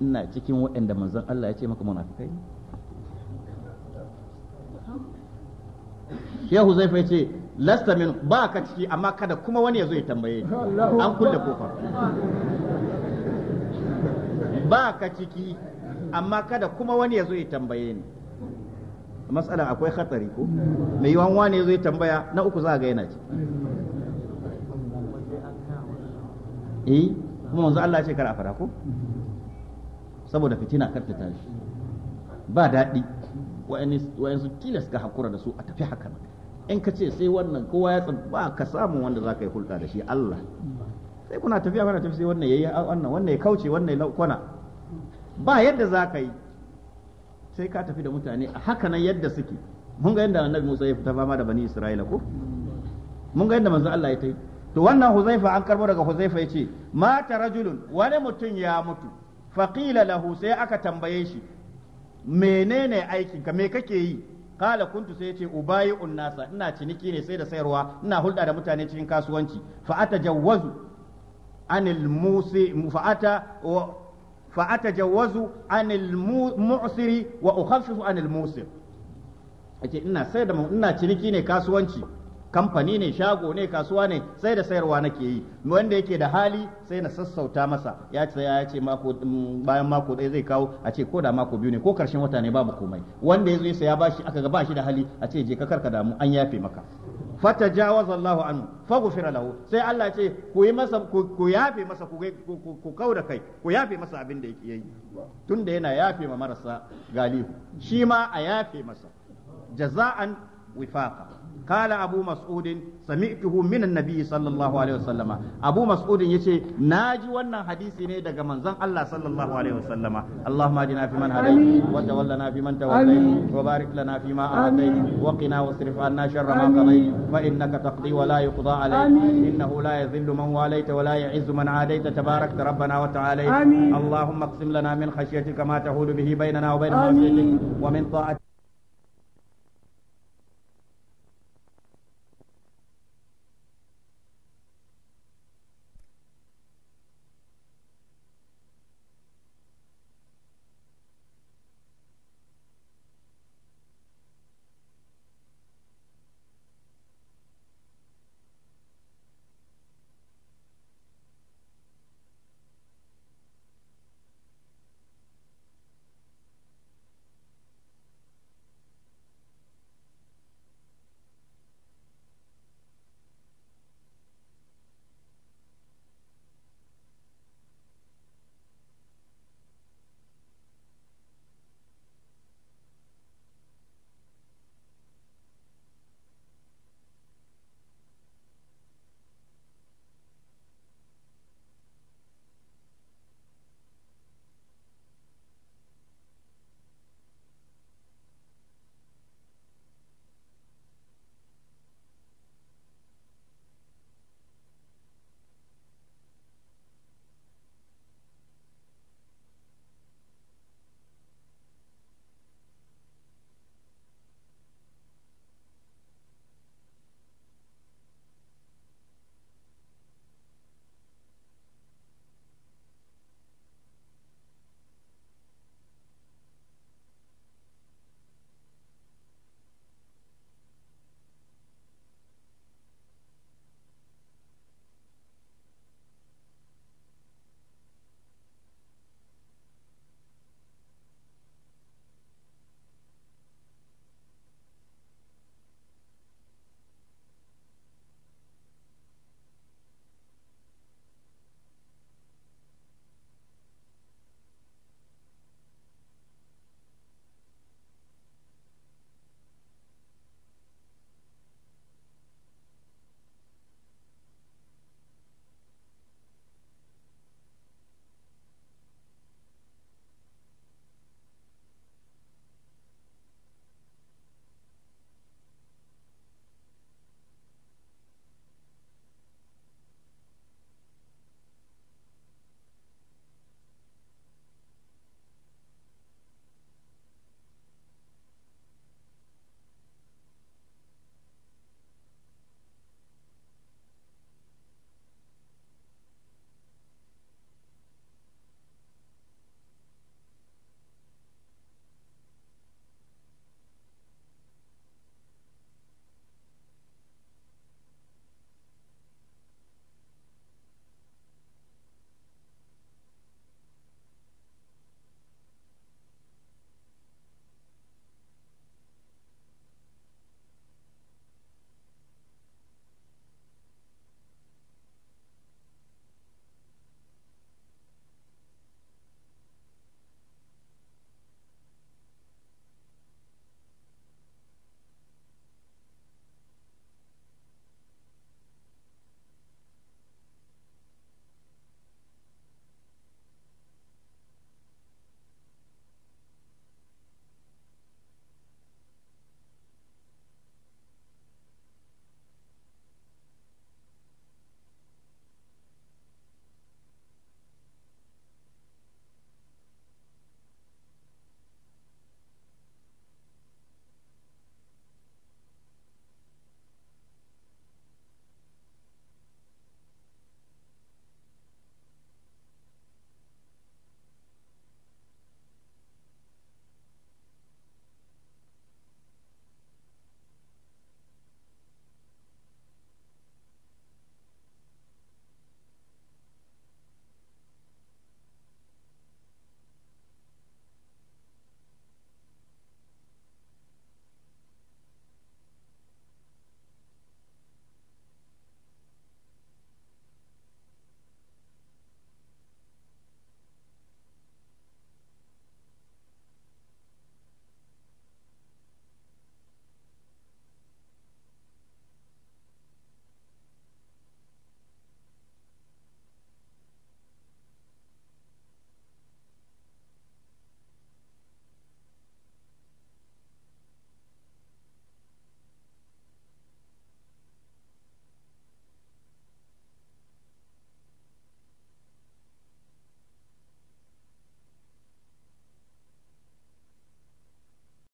S1: ina cikin waɗanda manzon Allah ya ce maka munafikai ya huzaifa ya ce lasta min ba ka ciki amma kada kuma wani ya zo ya tambaye ni an kulle kofa ba ka ciki amma kada kuma wani ya zo ya tambaye ni matsala akwai hatsari ko mai yiwan wani ya zo ya tambaya na uku za ga yana ci eh kuma wanzu Allah ya ce kar a fara ko saboda fitina kar ta tashi ba daɗi wa'yansu tilas ga hakura da su a tafi haka in ka ce sai wannan kowa ya tsanta ba ka samu wanda za ka yi hulɗa da shi Allah sai kuna tafiya kuna tafiya sai wannan ya yi wannan wannan ya kauce wannan ya kwana ba yadda za ka yi sai ka tafi da mutane a haka nan yadda suke mun ga yadda annabi Musa ya fita fama da bani Isra'ila ko mun ga yadda manzo Allah ya tai to wannan Huzaifa an karbo daga Huzaifa yace mata rajulun wani mutum ya mutu faqila lahu sai aka tambaye shi menene aikinka me kake yi qala kuntu sai yace ubayi'un nasa ina ciniki ne sai da sayarwa ina hulɗa da mutane cikin kasuwanci fa atajawwazu anil musi fa'ata fa atajawwazu anil mu'siri wa ukhaffifu anil ina ciniki ne kasuwanci kamfani ne shago ne kasuwa ne sai da sayarwa nake yi wanda yake da hali sai na sassauta masa ya ce ya ce mako mm, bayan mako ɗaya zai kawo a ce ko da mako biyu ne ko karshen wata ne babu komai wanda ya zo ya bashi aka ga bashi da hali a ce je ka karka damu an yafe maka fatajawaza Allah anhu faghfir lahu sai Allah ya ce ku yi masa ku yafe masa ku da kai ku yafe masa abin da yake yi tunda yana yafe ma marasa galihu shi ma a yafe masa jaza'an wifaqa قال أبو مسعود سمعته من النبي صلى الله عليه وسلم أبو مسعود يشي ناجي وانا حديثي نيدا كمان زن الله صلى الله عليه وسلم اللهم اجنا في من هديت وتولنا في من توليت وبارك لنا فيما أعطيت وقنا واصرف عنا شر ما قضيت فإنك تقضي ولا يقضى عليك إنه لا يذل من واليت ولا يعز من عاديت تباركت ربنا وتعاليت اللهم اقسم لنا من خشيتك ما تحول به بيننا وبين معصيتك ومن طاعتك